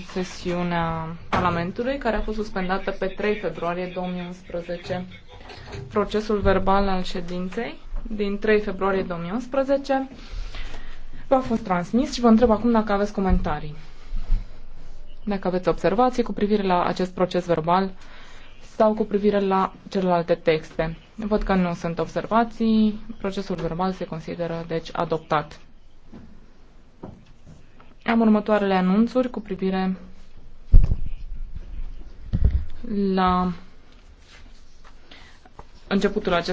sesiunea Parlamentului, care a fost suspendată pe 3 februarie 2011. Procesul verbal al ședinței din 3 februarie 2011 v-a fost transmis și vă întreb acum dacă aveți comentarii. Dacă aveți observații cu privire la acest proces verbal sau cu privire la celelalte texte. Văd că nu sunt observații. Procesul verbal se consideră, deci, adoptat. Am următoarele anunțuri cu privire la începutul acestui